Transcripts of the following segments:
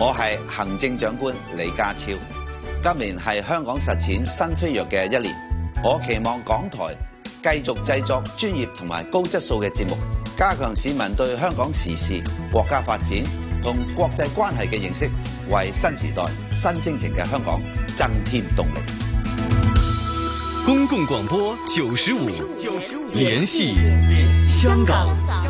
我係行政長官李家超，今年係香港實踐新飛躍嘅一年。我期望港台繼續製作專業同埋高質素嘅節目，加強市民對香港時事、國家發展同國際關係嘅認識，為新時代新精神嘅香港增添動力。公共廣播九十五，聯繫香港。香港。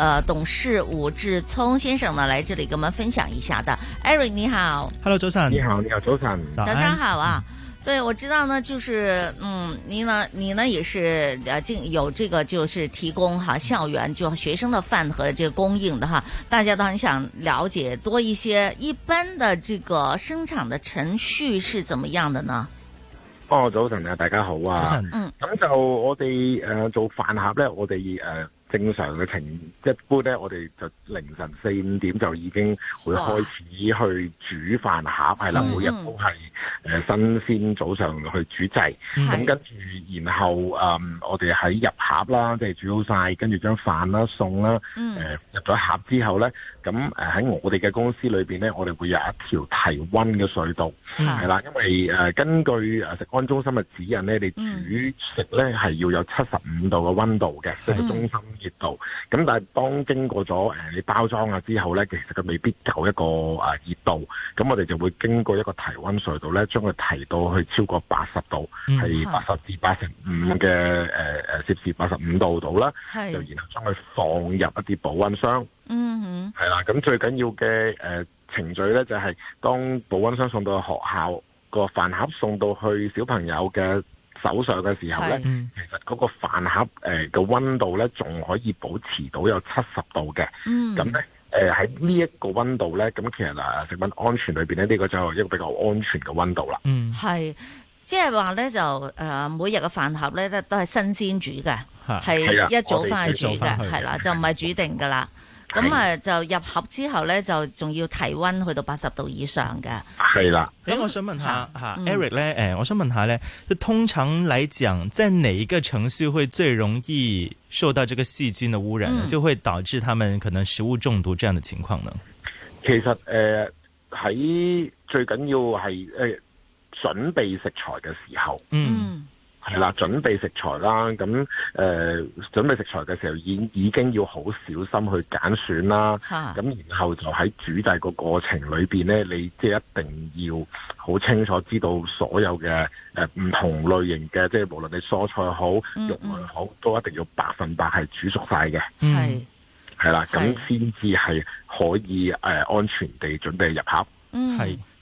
呃，董事伍智聰先生呢，來這裡跟我們分享一下的。Eric，你好。Hello，早晨，你好，你好，早晨，早上好啊、嗯。對，我知道呢，就是，嗯，你呢，你呢也是呃，進、啊、有這個就是提供哈校園就學生的飯和飯盒這個供應的哈。大家都很想了解多一些，一般的這個生產的程序是怎麼樣的呢？哦，早晨啊，大家好啊。早晨，嗯，咁就我哋誒、呃、做飯盒咧，我哋誒。呃正常嘅情一般咧，我哋就凌晨四五點就已經會開始去煮飯盒，係、啊、啦，每日都係新鮮，早上去煮製。咁、啊、跟住然後誒、嗯、我哋喺入盒啦，即係煮好晒，跟住將飯啦、餸啦、呃、入咗盒之後咧。咁誒喺我哋嘅公司裏邊咧，我哋會有一條提溫嘅隧道，係啦，因為誒、呃、根據誒食安中心嘅指引咧，你煮食咧係要有七十五度嘅溫度嘅，即係、就是、中心熱度。咁但係當經過咗誒你包裝啊之後咧，其實佢未必夠一個、呃、熱度。咁我哋就會經過一個提溫隧道咧，將佢提到去超過八十度，係八十至八十五嘅誒誒，攝氏八十五度度啦，就然後將佢放入一啲保溫箱。嗯哼，係啦，咁最緊要嘅誒、呃、程序咧，就係、是、當保溫箱送到學校、個飯盒送到去小朋友嘅手上嘅時候咧，其實嗰個飯盒誒嘅溫度咧，仲可以保持到有七十度嘅。咁咧誒喺呢一個溫度咧，咁其實啊，食品安全裏邊咧，呢、這個就係一個比較安全嘅溫度啦。嗯，係，即係話咧就誒、是呃、每日嘅飯盒咧都都係新鮮煮嘅，係一早翻去煮嘅，係啦，就唔係煮定噶啦。咁啊，就入盒之後咧，就仲要提溫去到八十度以上嘅。係啦，咁我想問下吓，Eric 咧，誒、嗯，我想問下咧、嗯欸，就通常來講，在哪一個程序會最容易受到這個細菌的污染呢，就會導致他們可能食物中毒這樣的情況呢？其實誒，喺、呃、最緊要係誒、呃、準備食材嘅時候，嗯。係啦，準備食材啦，咁誒、呃，準備食材嘅時候已經已經要好小心去揀選啦。咁然後就喺煮製個過程裏邊咧，你即係一定要好清楚知道所有嘅誒唔同類型嘅，即係無論你蔬菜好，嗯嗯肉類好，都一定要百分百係煮熟晒嘅。係係啦，咁先至係可以誒、呃、安全地準備入盒。嗯，係。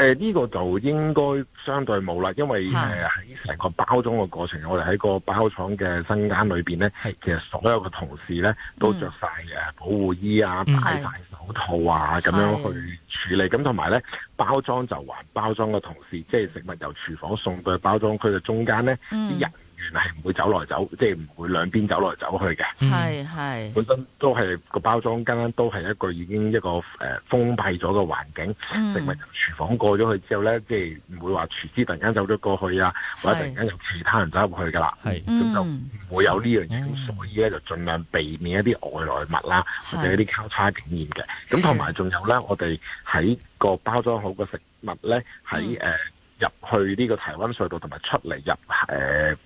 誒、呃、呢、這個就應該相對冇啦，因為誒喺成個包裝嘅過程，我哋喺個包廠嘅生產裏邊咧，其實所有嘅同事咧、嗯、都着晒嘅保護衣啊，戴曬手套啊，咁樣去處理。咁同埋咧包裝就還包裝嘅同事，即係食物由廚房送到去包裝區嘅中間咧，啲、嗯、人。係唔會走來走，即係唔會兩邊走來走去嘅。係係本身都係個包裝間間都係一個已經一個誒、呃、封閉咗嘅環境，嗯，食物從廚房過咗去之後咧，即係唔會話廚師突然間走咗過去啊，或者突然間有其他人走入去噶啦。係咁、嗯、就唔會有呢樣嘢，咁所以咧就盡量避免一啲外來物啦，或者一啲交叉感染嘅。咁同埋仲有咧，我哋喺個包裝好嘅食物咧，喺誒入去呢個提溫隧道同埋出嚟入誒。呃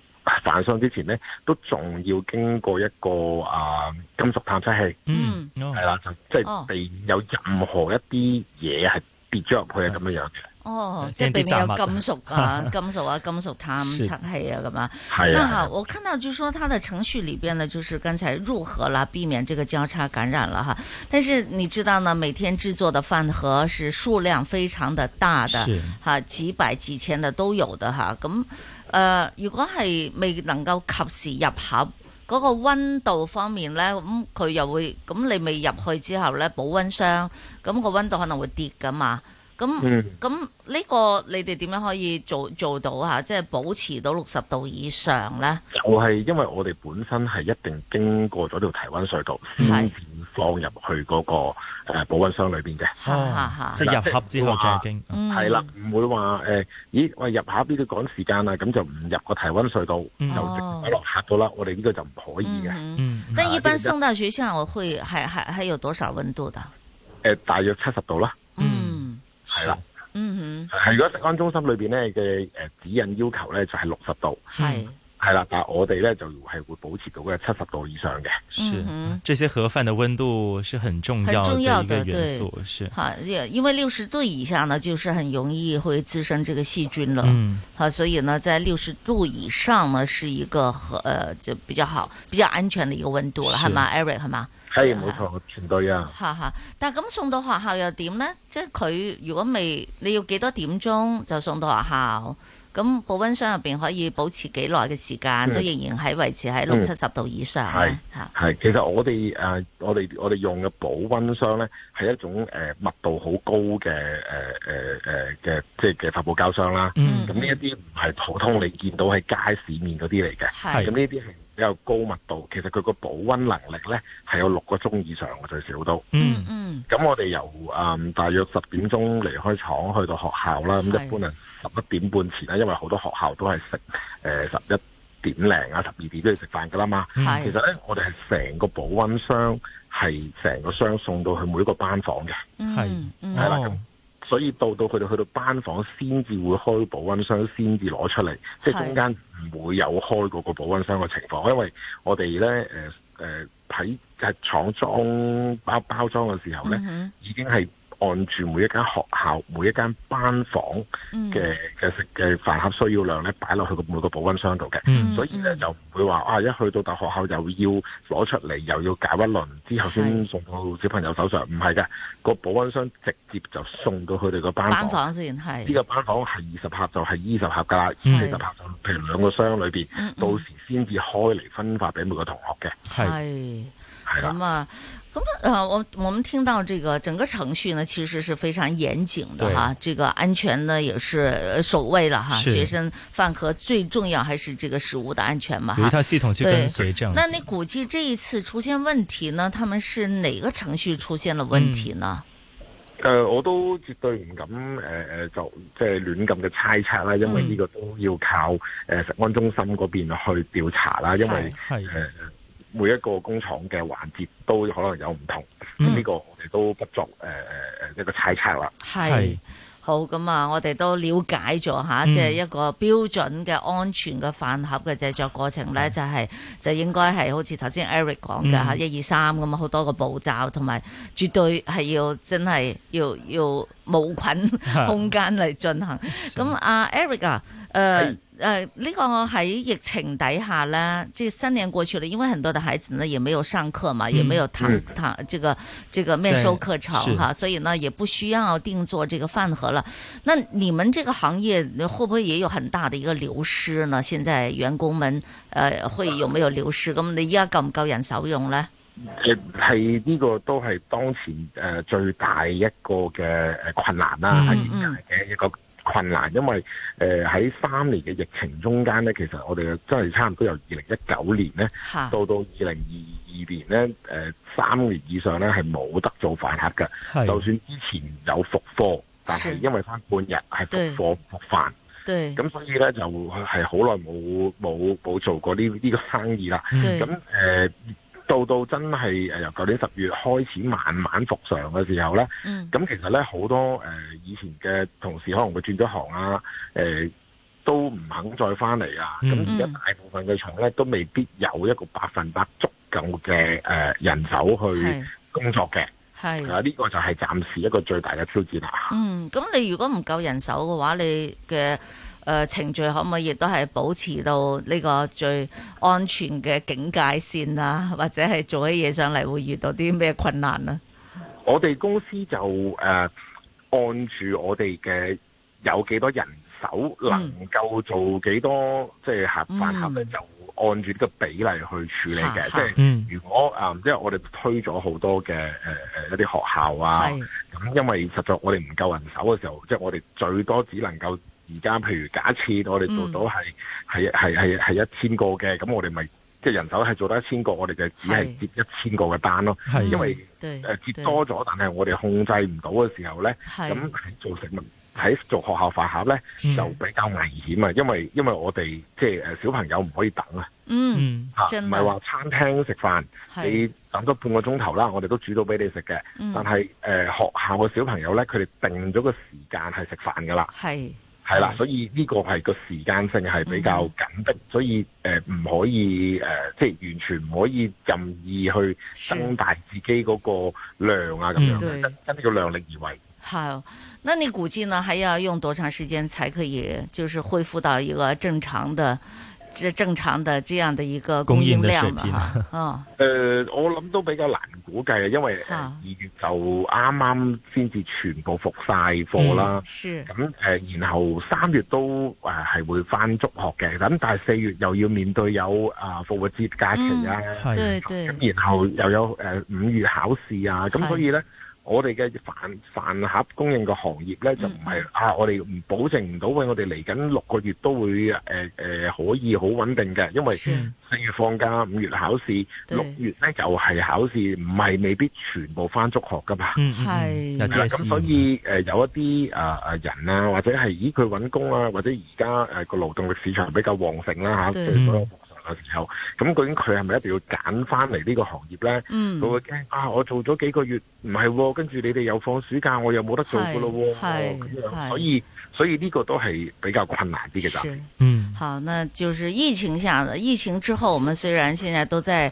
散傷之前呢，都仲要經過一個啊、呃、金屬探測器，嗯，係啦，就即係被有任何一啲嘢係跌咗入去咁、嗯、樣樣嘅。哦，即係避免有金屬、啊、 金屬啊、金屬啊、金屬探測器啊咁啊。係啊，我看到就說說，它的程序裏邊呢，就是剛才入盒啦，避免這個交叉感染了哈。但是你知道呢，每天製作的飯盒是數量非常的大的，哈，幾百、幾千的都有的哈，咁。呃，如果係未能夠及時入盒，嗰個溫度方面呢，咁佢又會咁你未入去之後呢，保溫箱咁個溫度可能會跌㗎嘛。咁咁呢個你哋點樣可以做做到吓、啊，即、就、係、是、保持到六十度以上咧？就係、是、因為我哋本身係一定經過咗條提溫隧道先放入去嗰個誒保溫箱裏邊嘅，吓吓、啊，啊啊、即係入盒之後再已經係啦，唔、嗯、會話誒、呃，咦喂，入下邊要趕時間啦，咁就唔入個提溫隧道就落客到啦，我哋呢個就唔可以嘅。嗯，你、嗯嗯、一般送到學校會還還還有多少溫度的？誒、呃，大約七十度啦。係啦，嗯哼，係如果食安中心裏邊咧嘅誒指引要求咧，就係六十度。係。係啦，但係我哋咧就係會保持到嘅七十度以上嘅。是，這些飯盒的溫度是很重要嘅一個元素。很重要的對。是，係，因為六十度以下呢，就是很容易會滋生這個細菌了。嗯，好，所以呢，在六十度以上呢，是一個和、呃、就比較好、比較安全的一個溫度啦，係嘛，Eric 係嘛，係冇錯，全對啊。哈哈，但係咁送到學校又點呢？即係佢如果未，你要幾多點鐘就送到學校？咁保溫箱入邊可以保持幾耐嘅時間？嗯，都仍然喺維持喺六七十度以上係係。其實我哋誒、啊，我哋我哋用嘅保溫箱咧，係一種誒、呃、密度好高嘅誒誒誒嘅即係嘅發泡膠箱啦。咁呢一啲唔係普通你見到喺街市面嗰啲嚟嘅。係。咁呢啲係比較高密度，其實佢個保溫能力咧，係有六個鐘以上嘅，最少都。嗯嗯。咁我哋由誒大約十點鐘離開廠去到學校啦，咁一般啊。十一點半前啦，因為好多學校都係食呃十一點零啊、十二點都要食飯噶啦嘛。其實呢，我哋係成個保溫箱係成個箱送到去每一個班房嘅。係係啦，咁所以到到佢哋去到班房先至會開保溫箱拿，先至攞出嚟，即係中間唔會有開過個保溫箱嘅情況，因為我哋咧誒誒喺廠裝包包裝嘅時候咧、嗯，已經係。按住每一間學校每一間班房嘅嘅食嘅飯盒需要量咧，擺落去個每個保溫箱度嘅，嗯，所以咧就唔會話啊一去到大學校又要攞出嚟，又要搞一輪之後先送到小朋友手上，唔係嘅，個保溫箱直接就送到佢哋個班房先，係呢個班房係二十盒就係二十盒噶啦，二十盒就譬如兩個箱裏邊，嗯，到時先至開嚟分發俾每個同學嘅，係。是咁啊，咁啊，我我們聽到這個整個程序呢，其實是非常嚴謹的哈。這個安全呢也是首位了哈。學生飯盒最重要還是這個食物的安全嘛？有一套系統去跟隨這樣。那你估計這一次出現問題呢，他們是哪個程序出現了問題呢？嗯、呃，我都絕對唔敢誒誒、呃，就即係、呃呃、亂咁嘅猜測啦。因為呢個都要靠誒、嗯呃、食安中心嗰邊去調查啦。因為係。每一個工廠嘅環節都可能有唔同，呢、嗯這個我哋都不作誒誒誒一個猜測啦。係，好咁啊！我哋都了解咗嚇、嗯，即係一個標準嘅安全嘅飯盒嘅製作過程咧、嗯，就係、是、就應該係好似頭先 Eric 講嘅嚇，一二三咁啊，好、嗯、1, 2, 3, 多個步驟，同埋絕對係要真係要要無菌空間嚟進行。咁啊，Eric 啊，誒、呃。呃呢個喺疫情底下呢，這三年過去了，因為很多的孩子呢，也沒有上課嘛，嗯、也沒有談談、嗯、這個這個面授課程哈、就是，所以呢，也不需要定做這個飯盒了。那你們這個行業會不會也有很大的一個流失呢？現在員工們呃會有沒有流失？咁你依家夠唔夠人手用呢？這係呢個都係當前呃最大一個嘅困難啦，喺現界嘅一個。困難，因為誒喺三年嘅疫情中間咧，其實我哋真係差唔多由二零一九年咧，到到二零二二年咧，誒、呃、三年以上咧係冇得做飯盒嘅，就算之前有復課，但係因為翻半日係復課唔復飯，咁所以咧就係好耐冇冇冇做過呢呢、呢個生意啦。咁、嗯、誒。嗯到到真係誒由舊年十月開始慢慢復常嘅時候呢，咁、嗯、其實呢，好多誒以前嘅同事可能會轉咗行啊，誒都唔肯再翻嚟啊。咁而家大部分嘅場呢，都未必有一個百分百足夠嘅誒人手去工作嘅。係啊，呢個就係暫時一個最大嘅挑戰啦。嗯，咁你如果唔夠人手嘅話，你嘅誒、呃、程序可唔可以亦都係保持到呢個最安全嘅警戒線啊？或者係做起嘢上嚟會遇到啲咩困難啊？我哋公司就誒、呃、按住我哋嘅有幾多人手能夠做幾多，即、嗯、係合飯盒咧、嗯，就按住呢個比例去處理嘅。即係如果誒，即、嗯嗯、因為我哋推咗好多嘅一啲學校啊，咁因為實在我哋唔夠人手嘅時候，即、就、係、是、我哋最多只能夠。而家譬如假設我哋做到係係係係一千個嘅，咁我哋咪即係人手係做到一千個，我哋就只係接一千個嘅單咯。係因為、嗯呃、接多咗，但係我哋控制唔到嘅時候呢，咁做食物喺做學校飯盒呢、嗯，就比較危險啊！因為因為我哋即係小朋友唔可以等啊。嗯，唔係話餐廳食飯，你等多半個鐘頭啦，我哋都煮到俾你食嘅、嗯。但係誒、呃、學校嘅小朋友呢，佢哋定咗個時間係食飯噶啦。係。係啦，所以呢個係個時間性係比較緊迫，嗯，所以誒唔，呃，可以誒、呃，即係完全唔可以任意去增大自己嗰個量啊這，咁樣跟、嗯、跟呢個量力而為。好，那你估計呢，還要用多長時間才可以，就是恢復到一個正常的？即係正常嘅這樣的一個供應量吧，啊、嗯，誒、呃，我諗都比較難估計，因為二、呃、月就啱啱先至全部復晒課啦，咁、嗯、誒，然後三月都誒係、呃、會翻足學嘅，咁但係四月又要面對有啊復、呃、活節假期啊，咁、嗯、然後又有誒五月考試啊，咁、嗯、所以咧。我哋嘅飯飯盒供應嘅行業咧，就唔係、嗯、啊！我哋唔保證唔到，我哋嚟緊六個月都會誒、呃呃、可以好穩定嘅，因為四月放假，五月考試，六月咧又係考試，唔係未必全部翻足學噶嘛？係、嗯、咁、嗯，所以誒、呃、有一啲啊、呃、人啊，或者係以佢揾工啊，或者而家誒個勞動力市場比較旺盛啦、啊嘅時候，咁究竟佢係咪一定要揀翻嚟呢個行業咧？嗯，佢會驚啊！我做咗幾個月，唔係、哦，跟住你哋又放暑假，我又冇得做噶咯喎。係，咁樣，所以所以呢個都係比較困難啲嘅咋。嗯，好，那就是疫情下的，疫情之後，我們雖然現在都在。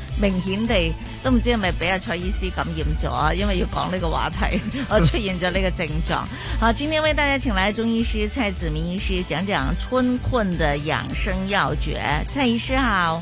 明顯地都唔知係咪俾阿蔡醫師感染咗，因為要講呢個話題，我出現咗呢個症狀。 好，今天為大家請來中醫師蔡梓銘醫師講講春困的養生要訣。蔡醫師好。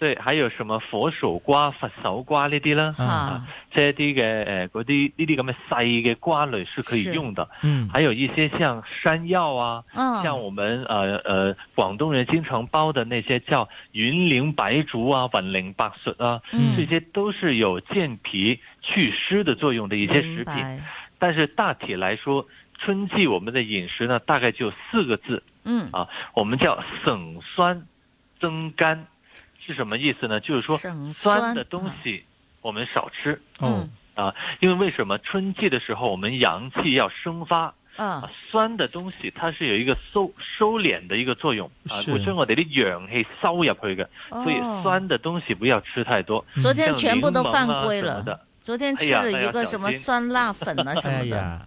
對，還有什麼佛手瓜、佛手瓜呢啲呢啊，啊，這一啲嘅誒嗰啲呢啲咁嘅細嘅瓜類是可以用的，嗯，還有一些像山藥啊，嗯、啊，像我們呃呃廣東人經常煲的那些叫雲苓白朮啊、雲苓白朮啊，嗯，這些都是有健脾祛濕的作用的一些食品，但是大體來說，春季我們的飲食呢，大概就四個字，嗯，啊，我們叫省酸增甘。是什麼意思呢？就是說酸，酸的東西我們少吃。嗯啊，因為為什麼春季的時候我們陽氣要生發？嗯、啊，酸的東西它是有一個收收斂的一個作用，是啊，會將我哋啲陽氣收入去嘅，所以酸的東西不要吃太多。昨天全部都犯規了的，昨天吃了一個什麼酸辣粉啊、哎哎、什麼的。哎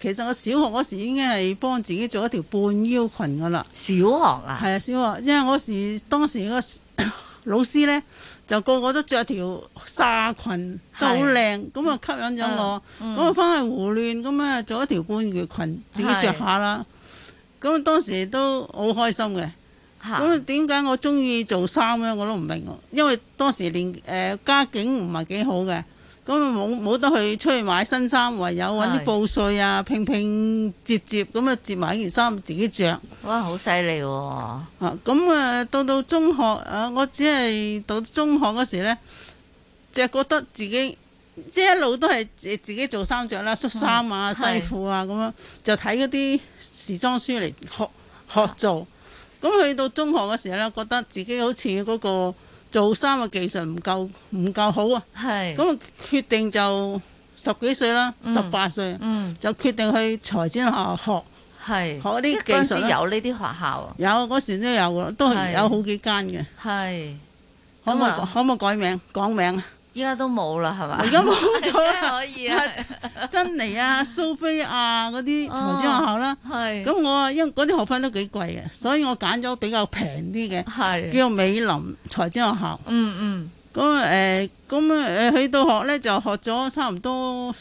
其實我小學嗰時已經係幫自己做一條半腰裙噶啦。小學啊？係啊，小學，因為我當時當時個老師呢，就個個都着條紗裙，都好靚，咁啊吸引咗我，咁啊返去胡亂咁啊做一條半腰裙，自己着下啦。咁當時都好開心嘅。咁點解我中意做衫呢？我都唔明喎，因為當時連誒、呃、家境唔係幾好嘅。咁啊冇冇得去出去買新衫，唯有揾啲布碎啊拼拼接接咁啊，接埋件衫自己着，哇，好犀利喎！啊，咁、嗯、啊到到中學啊，我只係到中學嗰時呢，就覺得自己即係一路都係自，自己做衫着啦，恤衫啊、西褲啊咁樣，就睇嗰啲時裝書嚟學學做。咁、啊嗯、去到中學嗰時呢，覺得自己好似嗰、嗰個。做衫嘅技術唔夠唔夠好啊，咁決定就十幾歲啦，十、嗯、八歲、嗯，就決定去裁剪學校學，學啲技術、啊、有呢啲學校？有，嗰時都有嘅，都係有好幾間嘅。係可唔可以、嗯、可唔可以改名講名啊？依家都冇啦，係嘛？而家冇咗啦，真 可以啊！珍妮啊、蘇 菲亞嗰啲財政學校啦，係、哦、咁我啊，因嗰啲學費都幾貴嘅，所以我揀咗比較平啲嘅，係叫美林財政學校。嗯嗯，咁誒，咁、呃、誒去到學咧就學咗差唔多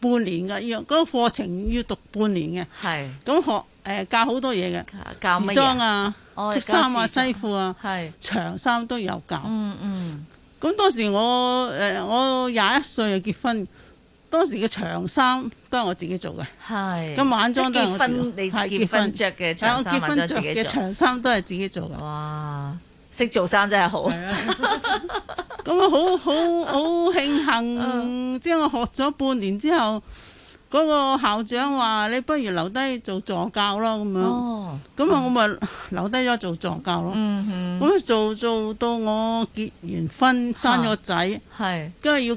半年噶，要嗰個課程要讀半年嘅，係咁學誒教好多嘢嘅，教乜嘢啊？哦、穿衫啊，西褲啊，係長衫都有教。嗯嗯。咁當時我誒我廿一歲就結婚，當時嘅長衫都係我自己做嘅。係是。咁晚裝都我結婚，你係結婚着嘅長衫，晚裝嘅長衫都係自己做嘅。哇！識做衫真係好。咁、啊、 我好好好慶幸，即係 我學咗半年之後。嗰個校長話：你不如留低做助教咯，咁樣。哦。咁啊，我咪留低咗做助教咯。嗯哼。咁做做到我結完婚，生咗仔，係。係。跟住要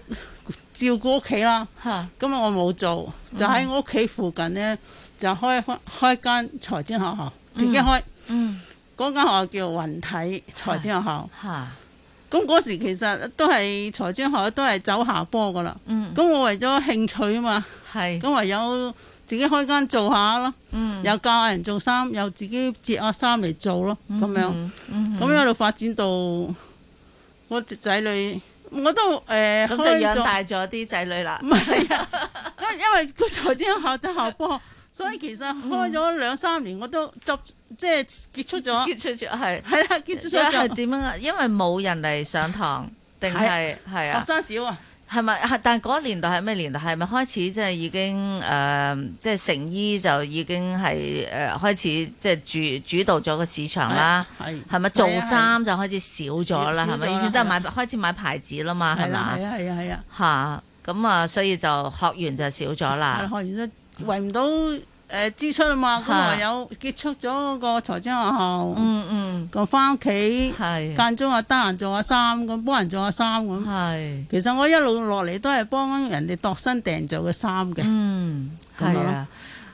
照顧屋企啦。嚇。咁啊，我冇做，就喺我屋企附近呢，就開翻開一間財政學校，自己開。嗯。嗰間學校叫雲體財政學校。嚇。咁嗰時其實都係財專學都係走下坡噶啦。咁、嗯、我為咗興趣啊嘛，咁唯有自己開間做下咯、嗯。有教人做衫，又自己折下衫嚟做咯，咁、嗯、樣。咁、嗯嗯、一路發展到我隻仔女，我都誒開咁就養大咗啲仔女啦。唔係呀。因為因為個財專學就下坡。 所以其實開咗兩三年，我都執即係結束咗。結束咗係係啦，結束咗。點樣啊？因為冇人嚟上堂，定係係啊學生少啊。係咪？但係嗰年代係咩年代？係咪開始即係已經誒？即係成衣就已經係誒開始即係主主導咗個市場啦。係咪、啊、做衫就開始少咗啦？係咪？以、oui, 前都係買、啊、開始買牌子啦嘛？係咪啊？係啊係啊係啊吓，咁啊，所以就學員就少咗啦。學員維唔到誒、呃、支出啊嘛，咁唯有結束咗個財政學校，咁返屋企間中啊得閒做下衫咁，幫人做下衫咁。其實我一路落嚟都係幫人哋度身訂做嘅衫嘅。嗯，係啊，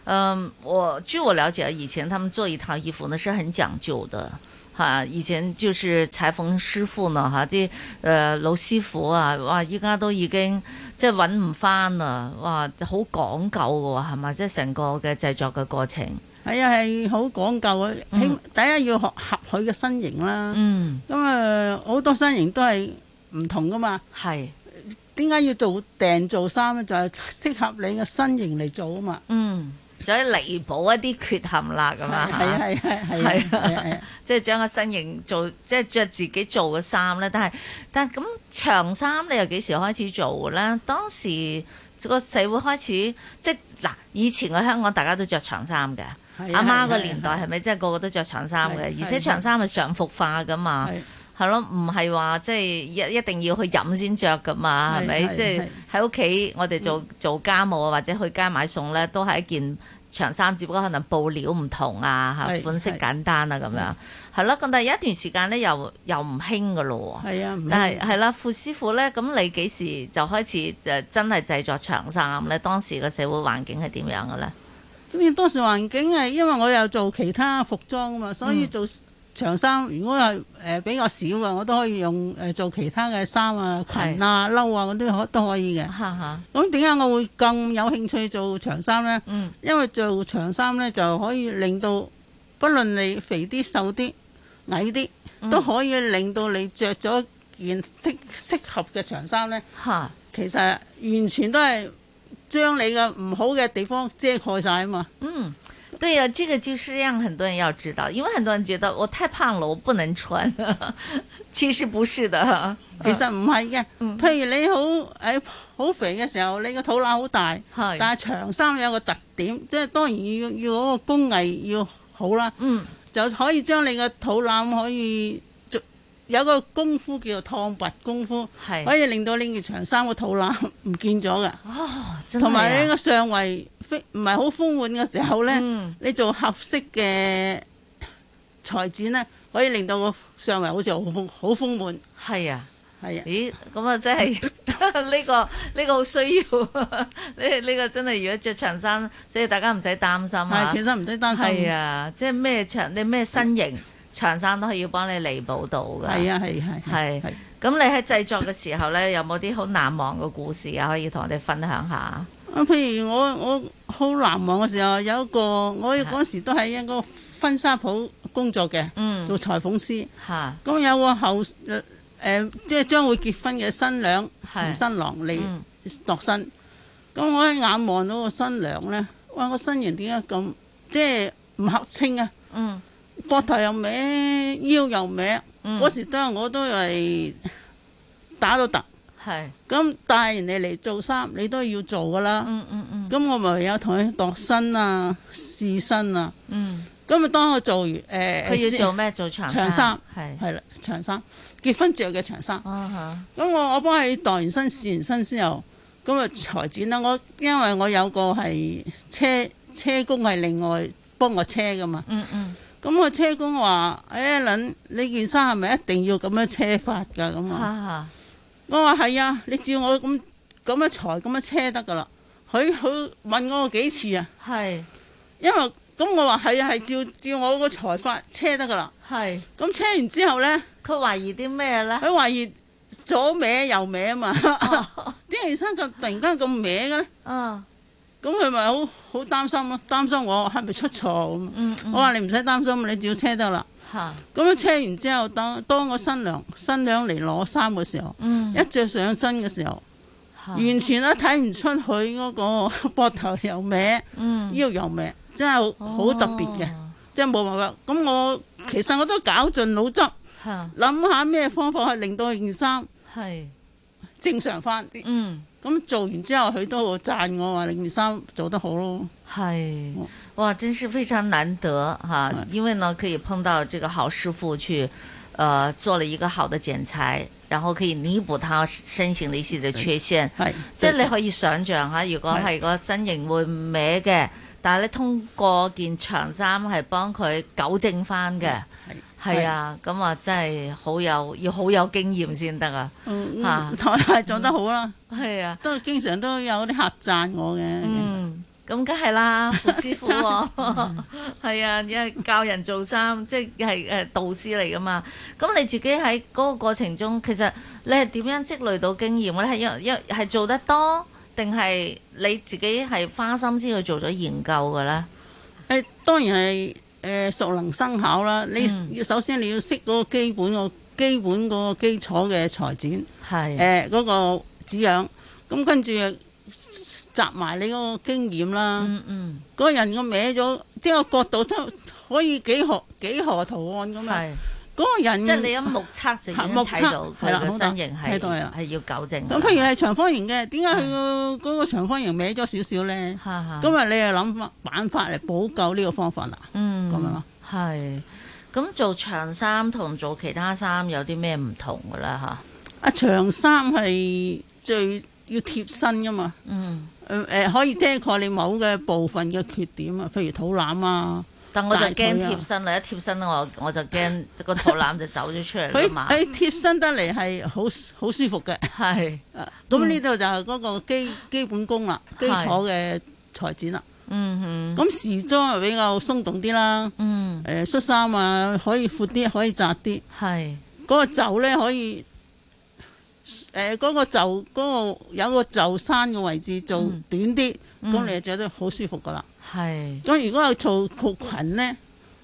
嗯，我據我了解，以前他們做一套衣服呢是很講究的。嚇！以前就是裁縫師傅呢，嚇啲誒老師傅啊，哇！依家都已經即係揾唔返啦，哇！好講究嘅喎，係咪？即係成個嘅製作嘅過程，係啊，係好講究啊。起、嗯、第一要學合佢嘅身形啦，嗯，咁啊好多身形都係唔同嘅嘛，係點解要做訂造衫咧？就係、是、適合你嘅身形嚟做啊嘛，嗯。就 以彌補一啲缺陷啦，咁啊嚇，係係係係， 即係將個身形做，即係着自己做嘅衫咧。但係，但係咁長衫你又幾時開始做咧？當時個社會開始，即係嗱，以前嘅香港大家都着長衫嘅，阿媽個年代係咪真係個個都着長衫嘅？而且長衫係常服化噶嘛。係咯、啊，唔係話即係一一定要去飲先着噶嘛，係咪？即係喺屋企我哋做做家務啊、嗯，或者去街買餸咧，都係一件長衫，只不過可能布料唔同啊，嚇款式簡單啊咁樣。係、嗯、咯，咁、啊、但係有一段時間咧，又又唔興噶咯喎。係啊，但係係啦，傅、啊、師傅咧，咁你幾時就開始就真係製作長衫咧？當時嘅社會環境係點樣嘅咧？當然當時環境係因為我有做其他服裝啊嘛，所以做、嗯。長衫如果係誒比較少嘅，我都可以用誒做其他嘅衫啊、裙啊、褸啊嗰啲可都可以嘅。咁點解我會更有興趣做長衫呢、嗯？因為做長衫呢，就可以令到，不論你肥啲、瘦啲、矮啲、嗯，都可以令到你着咗件適適合嘅長衫呢。嚇。 其實完全都係將你嘅唔好嘅地方遮蓋晒啊嘛。嗯。對啊，這個就是讓很多人要知道，因為很多人覺得我太胖了，我不能穿。其實不是的，其實唔係嘅。譬如你好，誒好肥嘅時候，你個肚腩好大，係，但係長衫有個特點，即係當然要要嗰個工藝要好啦，嗯，就可以將你個肚腩可以。有一個功夫叫做燙拔功夫、啊，可以令到你件長衫個肚腩唔見咗噶。哦，同埋呢個上圍唔係好豐滿嘅時候咧、嗯，你做合適嘅裁剪咧，可以令到個上圍好似好豐好豐滿。係啊，係啊。咦，咁啊真係呢、 呢個呢、呢個好需要。呢 呢個真係如果着長衫，所以大家唔使擔心嚇、啊啊。其實唔使擔心。係啊，即係咩長？你咩身型？嗯長衫都係要幫你彌補到嘅。係啊，係係、啊。係、啊。咁、啊啊啊、你喺製作嘅時候咧，有冇啲好難忘嘅故事啊？可以同我哋分享一下。啊，譬如我我好難忘嘅時候，有一個，我嗰時都喺一個婚紗鋪工作嘅、啊，做裁縫師。嚇、啊！咁有個後誒、呃，即係將會結婚嘅新娘同、啊、新郎嚟度身。咁、啊、我一眼望到個新娘咧，哇！個身形點解咁即係唔合稱啊？嗯。膊頭又歪，腰又歪。嗰、嗯、時都我都係打到特係咁帶人哋嚟做衫，你都要做噶啦。咁、嗯嗯、我咪有同佢度身啊，試身啊。咁啊、嗯，當佢做完誒，佢、呃、要做咩？做長衫，長衫係係啦，長衫結婚著嘅長衫。咁我、啊、哈我幫佢度完身試完身先又咁啊裁剪啦。我因為我有個係車車工係另外幫我車噶嘛。嗯嗯咁個車工話：Allen，你件衫係咪一定要咁樣車法㗎？咁啊，我話係啊，你照我咁咁樣裁、咁樣，樣車得㗎啦。佢佢問我幾次啊？係。因為咁我話係啊，係照照我個裁法車得㗎啦。係。咁車完之後咧，佢懷疑啲咩咧？佢懷疑左歪右歪啊嘛。點解、 哦、 件衫就突然間咁歪㗎？嗯、哦。咁佢咪好好擔心咯，擔心我係咪出錯咁？嗯嗯、我話你唔使擔心，你照車得啦。咁樣、啊、車完之後，當當個新娘新娘嚟攞衫嘅時候，嗯、一着上身嘅時候，啊、完全都睇唔出佢嗰個膊頭有咩，呢腰有咩，真係好特別嘅，即係冇辦法。咁我其實我都搞盡腦汁，諗、啊啊、下咩方法去令到件衫係正常翻啲。嗯嗯。咁做完之後，佢都讚我贊我話，你件衫做得好咯。係哇，真是非常難得哈，因為呢可以碰到這個好師傅去，呃做了一個好的剪裁，然後可以彌補他身形的一些嘅缺陷。係，即你可以想象吓，如果係個身形會歪嘅，但係咧通過件長衫係幫佢糾正翻嘅。係啊，咁啊真係好有要好有經驗先得啊，吓同埋做得好啦，係、嗯、啊，都經常都有啲客讚我嘅，咁梗係啦，傅、嗯嗯、師傅、哦，係、 嗯、啊，你係教人做衫， 即係誒導師嚟噶嘛，咁你自己喺嗰個過程中，其實你係點樣積累到經驗咧？係因因係做得多，定係你自己係花心思去做咗研究嘅咧？誒、欸，當然係。誒、呃、熟能生巧啦！嗯、你要首先你要識嗰個基本個、嗯、基本個基礎嘅裁剪，誒嗰是、呃嗰個紙樣，咁跟住集埋你嗰個經驗啦。嗰、嗯嗯、人個歪咗，即係個角度都可以幾何幾何圖案咁嘛。嗰、那個人即係你有目測，目測就已經睇到個身形係，係要糾正。咁譬如係長方形嘅，點解佢個嗰長方形歪咗少少咧？咁啊，你又諗法辦法嚟補救呢個方法啊？嗯，咁樣咯。係，咁做長衫同做其他衫有啲咩唔同㗎啦？嚇！啊，長衫係最要貼身㗎嘛。嗯。誒、呃、可以遮蓋你某嘅部分嘅缺點啊，譬如肚腩啊。但我就驚貼身啦，一貼身我我就驚個肚腩就走咗出嚟啦嘛。 佢貼身得嚟係好好舒服嘅，係。咁呢度就係嗰個基基本功啦，基礎嘅裁剪啦。嗯。咁時裝又比較鬆動啲啦。嗯。誒、呃，恤衫啊，可以闊啲，可以窄啲。係。嗰、那個袖咧可以，誒、呃、嗰、那個袖嗰、那個有個袖山嘅位置做短啲，咁你就著得好舒服噶啦。係，咁如果做條裙咧，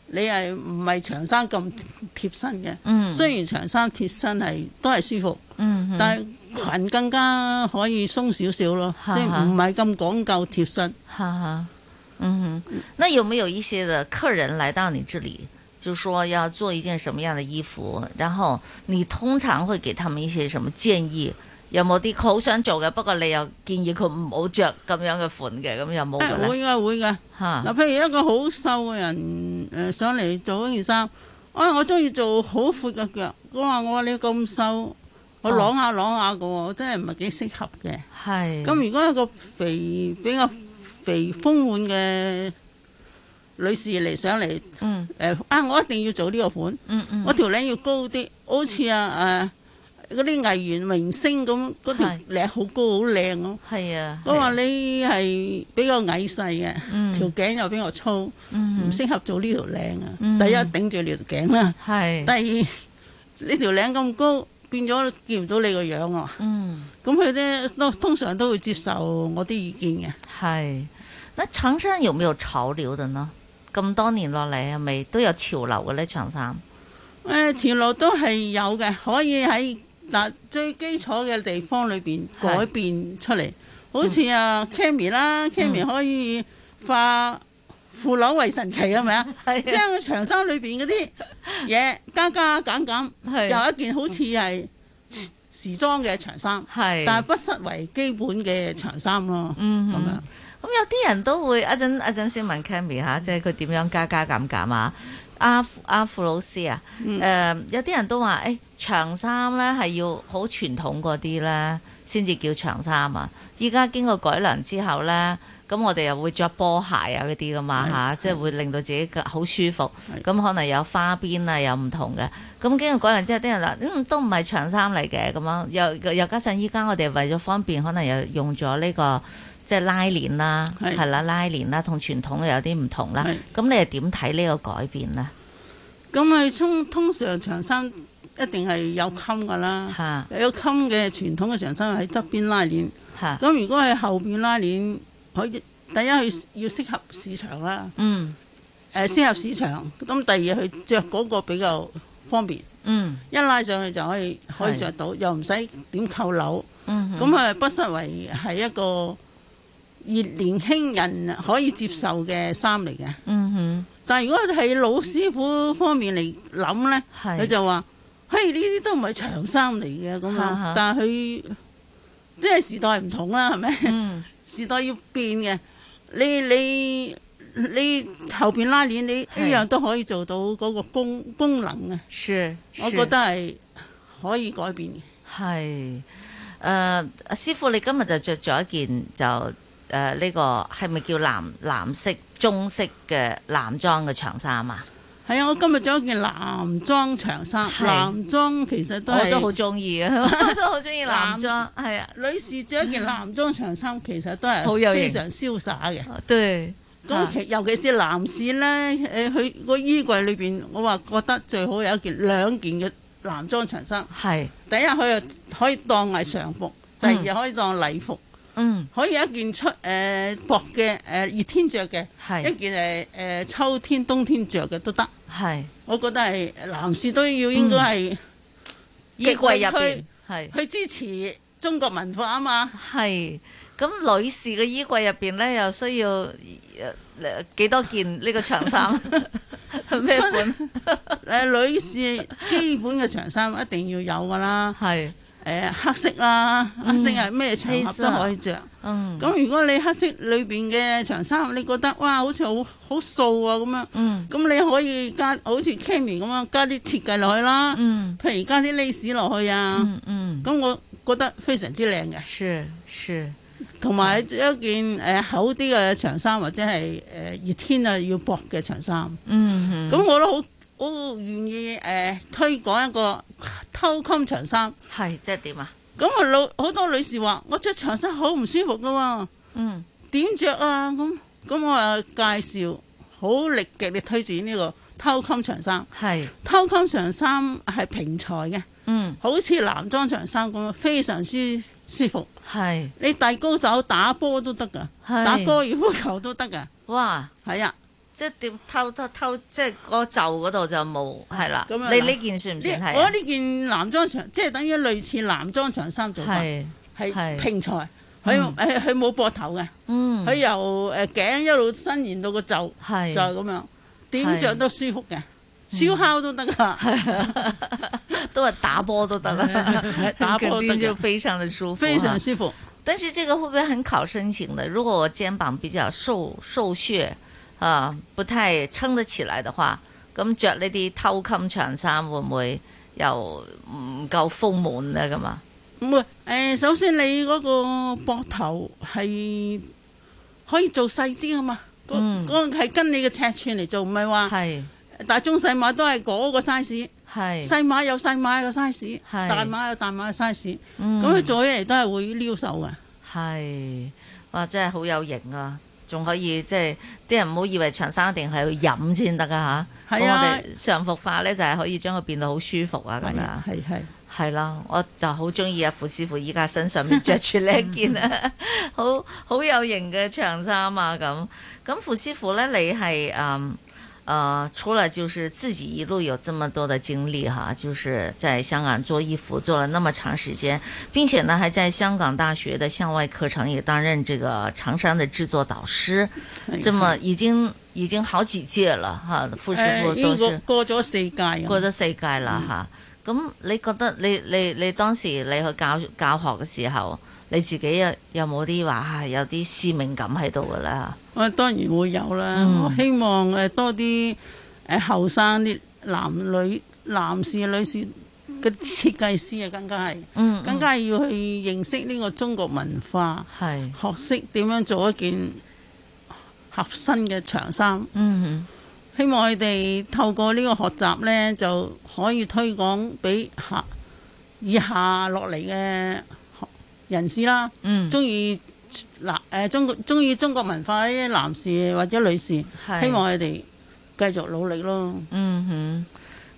你係唔係長衫咁貼身嘅？嗯，雖然長衫貼身係都係舒服，嗯，但係裙更加可以鬆少少咯，即係唔係咁講究貼身。嚇嚇，嗯哼，那有冇有一些嘅客人嚟到你這裏，就說要做一件什麼樣嘅衣服，然後你通常會給他們一些什麼建議？有冇啲好想做嘅？不過你又建議佢唔好着咁樣嘅款嘅，咁又冇咧。會嘅，會嘅。嗱，譬如一個好瘦嘅人誒上嚟做嗰件衫，啊、哎，我中意做好闊嘅腳。佢我話你咁瘦，我攞下攞下㗎喎，我、哦、真係唔係幾適合嘅。係。咁如果一個肥比較肥豐滿嘅女士嚟上嚟，嗯，誒、哎、啊，我一定要做呢個款。嗯嗯。我條領要高啲，好似、嗯、啊誒。嗰啲藝員明星咁，嗰條領好高好靚咯。係啊，我話、啊啊、你係比較矮細嘅、嗯，條頸又比較粗，唔、嗯、適合做呢條領啊、嗯。第一頂住條頸啦、啊，第二呢條領咁高，變咗見唔到你個樣啊。嗯，咁佢咧都通常都會接受我啲意見嘅。係，嗱，長衫有冇有潮流嘅呢？咁多年落嚟係咪都有潮流嘅咧長衫？誒、呃，潮流都係有嘅，可以喺～但最基礎嘅地方裏面改變出嚟，好似啊 Cammy 啦，Cammy、嗯、可以化腐朽為神奇，係咪啊？係將、就是、長衫裏邊嗰啲嘢加加減減，又一件好似係時裝嘅長衫係。但不失為基本嘅長衫咯。嗯，咁咁、嗯、有啲人都會一陣一陣先問 Cammy 嚇，即係佢點樣加加減減啊？阿富阿傅老師啊，誒、嗯呃、有啲人都話，誒、欸、長衫咧係要好傳統嗰啲咧，先至叫長衫啊！依家經過改良之後咧，咁我哋又會着波鞋啊嗰啲㗎嘛嚇、嗯啊，即係會令到自己好舒服。咁可能有花邊啊，有唔同嘅。咁經過改良之後，啲人話，嗯都唔係長衫嚟嘅咁樣，又又加上依家我哋為咗方便，可能又用咗呢個。即係拉鏈啦，係啦，拉鏈啦，同傳統嘅有啲唔同啦。咁你係點睇呢個改變呢？咁啊，通常長衫一定係有襟噶啦，有襟嘅傳統嘅長衫喺側邊拉鏈。咁如果係後邊拉鏈，佢第一佢要適合市場啦。嗯。誒，適合市場，咁、嗯、第二佢着嗰個比較方便。嗯。一拉上去就可以可以着到，又唔使點扣鈕。嗯。咁啊，不失為係一個。越年輕人可以接受嘅衫嚟嘅，嗯哼。但如果係老師傅方面嚟諗咧，佢就話：嘿，呢啲都唔係長衫嚟嘅咁樣。但係佢即係時代唔同啦，係咪、嗯？時代要變嘅。你你你，你後邊拉鍊，你呢樣都可以做到嗰個功功能嘅。是，我覺得係可以改變嘅。係，誒、呃，阿師傅，你今日就着咗一件就。誒、呃、呢、這個係咪叫藍藍色、棕色嘅男裝嘅長衫啊？係啊，我今日着一件男裝長衫。男裝其實都係我都好中意嘅，我都好中意男裝。係啊，女士着一件男裝長衫，其實都係好有非常瀟灑嘅。對，尤其尤其是男士咧，誒佢個衣櫃裏邊，我話覺得最好有一件兩件嘅男裝長衫。係，第一佢又可以當係常服，第二可以當禮服。嗯，可以一件出誒、呃、薄嘅誒、呃、熱天着嘅，一件誒誒、呃、秋天冬天着嘅都得。係，我覺得係男士都要應該係、嗯、衣櫃入邊，係去支持中國文化啊嘛。係，咁女士嘅衣櫃入邊咧又需要誒幾多件呢個長衫？咩款？誒，女士基本嘅長衫一定要有㗎啦。係。誒、呃、黑色啦，嗯、黑色係咩場合都可以着。咁、嗯、如果你黑色裏邊嘅長衫，你覺得哇，好似好好素啊咁樣。咁、嗯、你可以加好似 cami 咁樣加啲設計落去啦、嗯。譬如加啲 lace 落去啊。咁、嗯嗯、我覺得非常之靚嘅。是、是、同埋一件誒厚啲嘅長衫，嗯、或者係誒熱天啊要薄嘅長衫。咁、嗯嗯、我都好。好願意誒、呃、推廣一個偷襟長衫，係即係點啊？咁啊，老好多女士話我着長衫好唔舒服噶、啊，嗯，點着啊？咁咁我話介紹，好力極力推薦呢個偷襟長衫，係偷襟長衫係平裁嘅，嗯，好似男裝長衫咁，非常舒舒服，係你大高手打波都得噶，打高爾夫球都得噶，哇，係啊。一掉偷偷偷，即係嗰袖嗰度就冇，係啦。咁樣你呢件算唔算係？我呢件男裝長，即、就、係、是、等於類似男裝長衫做，係係平裁，佢佢冇膊頭嘅，嗯，佢、嗯、由誒頸一路伸延到個袖，就係、是、咁樣，點着都舒服嘅，燒烤都得啊，嗯、 都話打波都得啦， 打波呢 就非常的舒服，非常舒服。但是這個會唔會很考身形的？如果我肩膀比較瘦瘦削？啊，不太撐得起來嘅話，咁着呢啲偷襟長衫會唔會又唔夠豐滿咧？咁啊，唔會。誒、呃，首先你嗰個膊頭係可以做細啲啊嘛，嗯那個個係跟你嘅尺寸嚟做，唔係話。係大中細碼都係嗰個 size，係細碼有細碼嘅 size，大碼有大碼嘅 size。咁佢、那個、做起嚟都係會撩手嘅。係、嗯、哇，真係好有型啊！仲可以即係啲人唔好以為長衫一定係要飲先得噶嚇，啊、我哋上服化咧，就係、係、可以將佢變到好舒服啊，咁啊，係係係啦，我就好中意啊傅師傅依家身上面着住呢一件 好好有型嘅長衫啊，咁，咁傅師傅咧你係嗯。呃，除了就是自己一路有這麼多的經歷哈，就是在香港做衣服做了那麼長時間，並且呢還在香港大學的校外課程也擔任這個長衫的製作導師，嗯、這麼已經已經好幾屆了哈，傅師傅都是過過咗四屆，過咗四屆啦哈。咁你覺得你你你當時你去教教學嘅時候，你自己有有冇啲話有啲使命感喺度噶啦。我當然會有啦。嗯、我希望多啲誒後生啲男女男士女士嘅設計師啊、嗯嗯，更加係，更加要去認識呢個中國文化，學識點樣做一件合身嘅長衫。嗯，希望佢哋透過呢個學習呢，就可以推廣俾下以下落嚟嘅人士啦，嗯，呃、中意男誒中國中意中國文化啲男士或者女士，希望佢哋繼續努力咯。嗯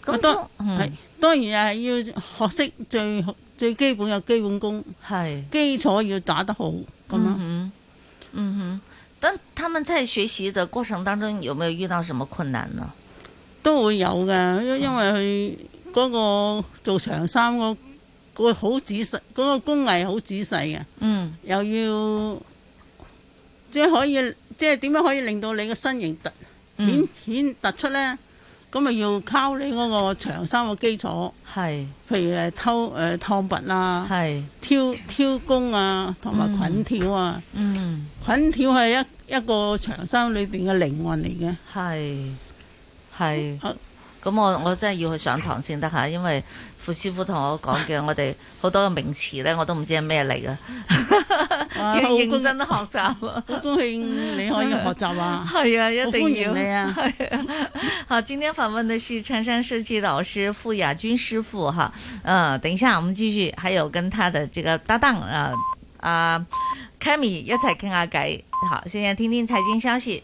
哼，咁當係當然係要學識最最基本嘅基本功，係基礎要打得好咁樣。嗯哼、啊，嗯哼，但他們在學習的過程當中，有沒有遇到什麼困難呢？都會有噶，因為佢嗰個做長衫嗰。那個好仔細，嗰、那個工藝好仔細嘅、嗯，又要即係可以，即係點樣可以令到你個身形突顯顯、嗯、突出咧？咁啊要靠你嗰個長衫個基礎，係，譬如誒偷誒燙、呃、拔啊、係挑挑工啊，同埋捆條啊，嗯，捆條係一一個長衫裏邊嘅靈魂嚟嘅，係係。咁我我真係要去上堂先得嚇，因為傅師傅同我講嘅，我哋好多嘅名詞咧，我都唔知係咩嚟嘅。要認真學習啊！郭宗慶，你可以有學習啊！係啊，一定要！你啊！好， 今天訪問嘅係長衫設計老師傅雅君師傅哈。嗯、啊，等一下，我們繼續，還有跟他的這個搭檔，啊啊，Kami 一齊傾下偈。好，現在聽聽財經消息。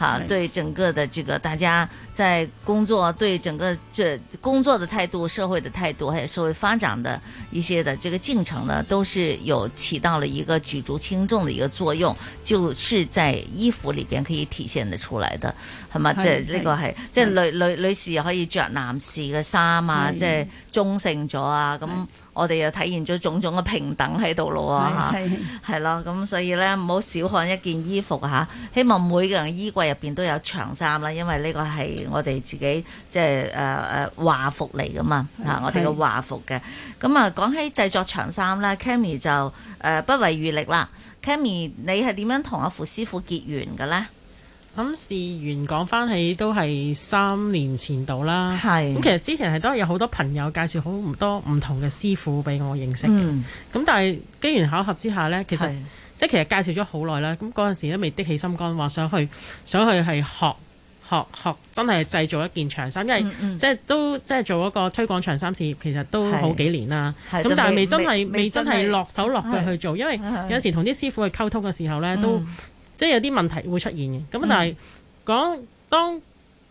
好，對整個的這個大家在工作，對整個這工作的態度、社會的態度，還有社會發展的一些的這個進程呢，都是有起到了一個舉足輕重的一個作用，就是在衣服裏邊可以體現得出來的，係咪？即係呢個係，即係女女女士可以着男士嘅衫啊，即係中性咗啊，咁、嗯。嗯我哋又體現咗種種嘅平等喺度咯喎嚇，咯咁所以咧，唔好少看一件衣服嚇，希望每個人衣櫃入邊都有長衫啦，因為呢個係我哋自己即係誒誒華服嚟噶嘛嚇、啊，我哋嘅華服嘅。咁啊講起製作長衫咧 Cammy 就誒、呃、不遺餘力啦。Cammy 你係點樣同阿傅師傅結緣嘅咧？咁事緣講翻起都係三年前度啦。咁其實之前係都係有好多朋友介紹好唔多唔同嘅師傅俾我認識嘅。咁、嗯、但係機緣巧合之下咧，其實即係其實介紹咗好耐啦。咁嗰陣時都未的起心肝，話想去想去係學學學真係製造一件長衫、嗯嗯，因為即係都即係做一個推廣長衫事業，其實都好幾年啦。咁但係未，未，未真係未真係落手落腳去做，因為有時同啲師傅去溝通嘅時候咧都。嗯即係有啲問題會出現嘅，咁但係講當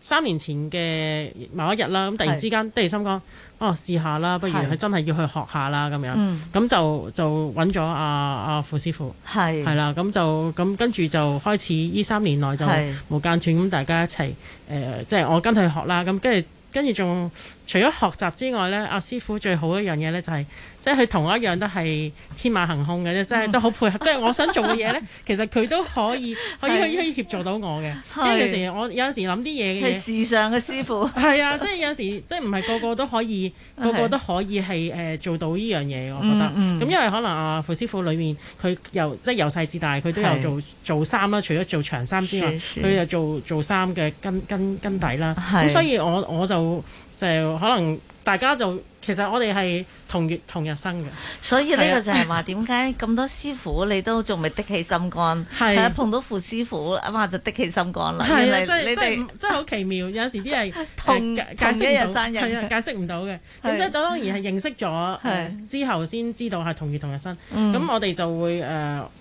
三年前嘅某一日啦，咁突然之間，突然心講，哦，試下啦，不如佢真係要去學下啦，咁樣，咁就就搵咗阿阿傅師傅，係係啦，咁就咁跟住就開始呢三年內就冇間斷，咁大家一齊誒，即係、呃就是、我跟佢學啦，咁跟住跟住仲。除咗學習之外咧，阿師傅最好一樣嘢咧就係、是，即係佢同我一樣都係天馬行空嘅啫，即係都好配合。即 係我想做嘅嘢咧， 其實佢都可以 可以去協助到我嘅。因 為有時候我有時諗啲嘢嘅嘢。係時尚嘅師傅。係啊，即係有時候即係唔係個個都可以， 個個都可以係誒 做到呢樣嘢。我覺得咁、嗯嗯，因為可能阿、啊、傅師傅裏面佢由即係由細至大，佢都有做做衫啦，除咗做長衫之外，佢又做做衫嘅根根根底啦。咁 所以我我就。就可能大家就。其實我哋係同月同日生嘅，所以呢個就係話點解咁多師傅你都仲未的起心肝，係 啊碰到傅師傅阿嘛，媽媽就的起心肝啦。係啊，真係真係真係好奇妙， 有陣時啲人同解釋唔到，係啊解釋唔到嘅。咁即係當然係認識咗之後先知道係同月同日生。咁、嗯、我哋就會誒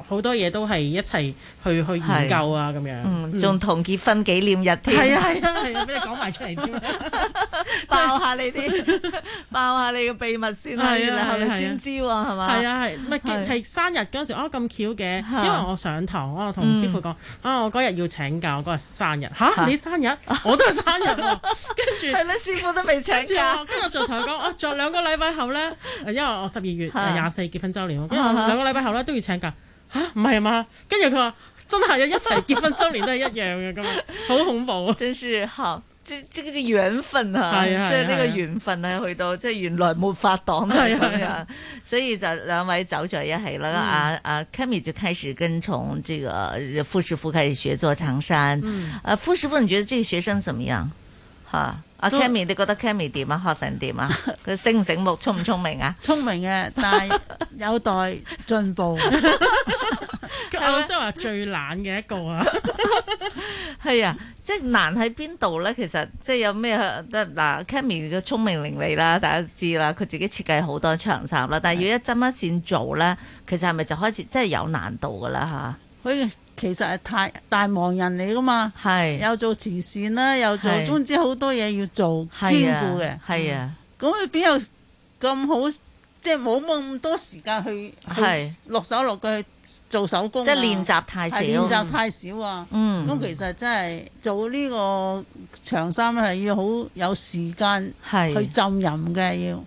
好、呃、多嘢都係一齊去去研究啊咁樣，仲、嗯、同結婚紀念日添。係啊係啊係啊，俾你講埋出嚟添， 爆下你啲 教下你嘅秘密先啦，係咪先知喎？係嘛？係啊係，唔係係生日嗰時哦，咁巧嘅，因為我上堂，我同師傅講、嗯哦，啊，我嗰日要請假，我嗰日生日，吓你生日， 我都係生日、啊，跟住係你師傅都未請假，跟住、啊啊、再同佢講，我再兩個禮拜後咧，因為我十二月廿四結婚周年，跟住兩個禮拜後咧都要請假，吓唔係嘛？跟住佢話真係一齊結婚周年都係一樣嘅，咁好恐怖啊！真、就是好。即係嗰啲緣分啊，是是是即係呢個緣分啊，去到即係原來沒法擋啊，是是是是，所以就兩位走在一起啦，啊。啊啊 Kimmy 就開始跟從這個傅師傅開始學做長衫，啊。嗯啊，啊傅師傅，你覺得這個學生怎麼樣？啊，阿 Cammy，你覺得 Cammy 點啊？學成點啊？佢醒唔醒目，聰唔聰明啊？聰明嘅，但係有待進步。我老師話最懶嘅一個啊，係 啊，即係難喺邊度咧？其實即係有咩？得、啊、嗱，Cammy 嘅聰明伶俐啦，大家知道啦，佢自己設計好多長衫啦，但係要一針一線做咧，其實係咪就開始真係有難度噶啦？吓， 其實係太大忙人嚟㗎嘛，又做慈善啦，又做，總之好多嘢要做兼顧嘅。係啊，咁邊有咁好？即係冇咁多時間去落手落腳去做手工、啊，即係練習太少、啊，練習太少啊！咁、嗯、其實真係做呢個長衫咧，係要好有時間去浸淫嘅，要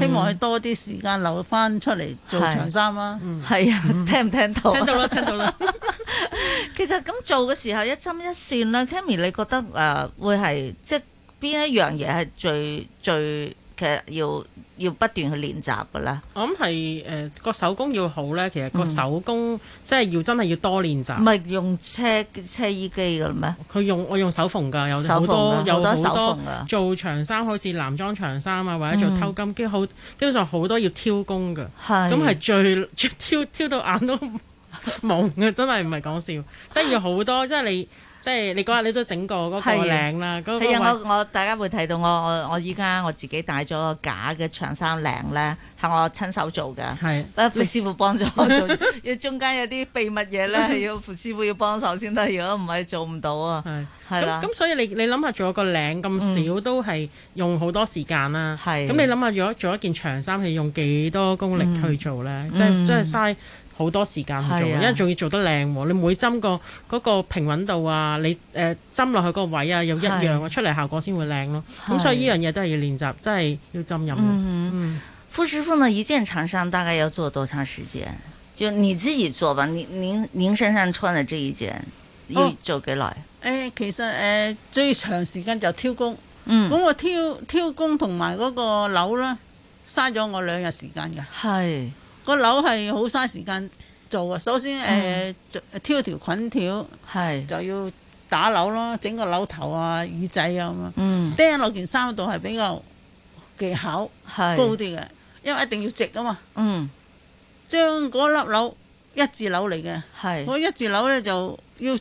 希望佢多啲時間留翻出嚟做長衫啦。係啊，係嗯、係聽唔聽到？聽到啦，聽到啦。 其實咁做嘅時候一針一線啦 Cammy 你覺得誒、呃、會係即係邊一樣嘢係最最？最其實要要不斷去練習噶啦，我諗係誒個手工要好咧，其實個手工即係要真係要多練習。唔、嗯、係用車車衣機噶啦咩？佢用我用手縫噶，有好多手有好多，多做長衫，好似男裝長衫啊，或者做偷金機、嗯，基本上好多要挑工噶，咁係最，最挑挑到眼都矇嘅，真係唔係講笑，真 係要好多，即、就、係、是、你。即係你嗰日你都整過嗰個領啦，係啊、嗰個！我我大家會睇到我我我依家我自己戴咗個假嘅長衫領咧，係我親手做嘅。係，不過傅師傅幫咗我做， 要中間有啲秘密嘢咧，要傅師傅要幫手先得，如果唔係做唔到啊。係，係啦。咁所以你你諗下做一個領咁少都係用好多時間啦。係、嗯。咁你諗下如果做一件長衫係用幾多功力去做咧、嗯？即係即係嘥。嗯好多時間做、啊，因為仲要做得靚喎、哦。你每針個嗰個平穩度啊，你誒、呃、針落去個位啊，又一樣啊，啊出嚟效果先會靚咯、哦。咁、啊嗯、所以呢樣嘢都係要練習，真係要浸淫。傅師傅，呢、嗯、一件長衫大概要做多長時間？就你自己做吧。您您您身上穿的這一件、oh, 要做幾耐？誒、呃，其實誒、呃、最長時間就挑工。咁、嗯、我挑挑工同埋嗰個樓啦，嘥咗我兩日時間㗎。係。那個鈕係好嘥時間做啊！首先，誒、嗯呃，挑條捆條，就要打鈕咯，整個鈕頭啊、耳仔啊咁啊，釘、嗯、落件衫度係比較技巧高啲嘅，因為一定要直啊嘛。嗯，將嗰粒鈕一字鈕嚟嘅，我一字鈕咧就要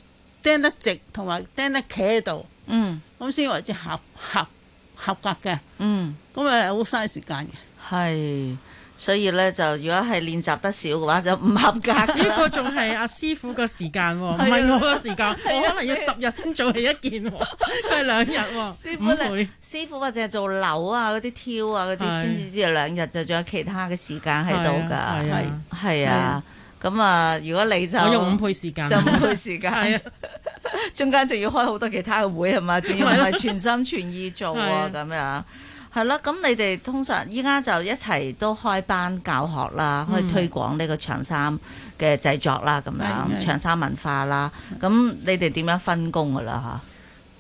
釘得直同埋釘得企喺度。嗯，咁先為之合合合格嘅。嗯，咁啊好嘥時間嘅。係。所以咧就如果係練習得少嘅話就唔合格。呢、這個仲係阿師傅個時間、哦，唔 係我個時間。我可能要十日先做起一件，都係兩日、哦。師傅咧，師傅或者係做樓啊嗰啲挑啊嗰啲，先至知道兩日就仲有其他嘅時間喺度噶。係啊，係啊。咁啊，如果你就我用五倍時間，就五倍時間。 是的 中間仲要開好多其他嘅會係嘛？仲要唔係全心全意做啊咁 樣。係啦，咁你哋通常依家就一齊都開班教學啦，去推廣呢個長衫嘅製作啦，咁、嗯、樣長衫文化啦，咁、嗯、你哋點樣分工噶啦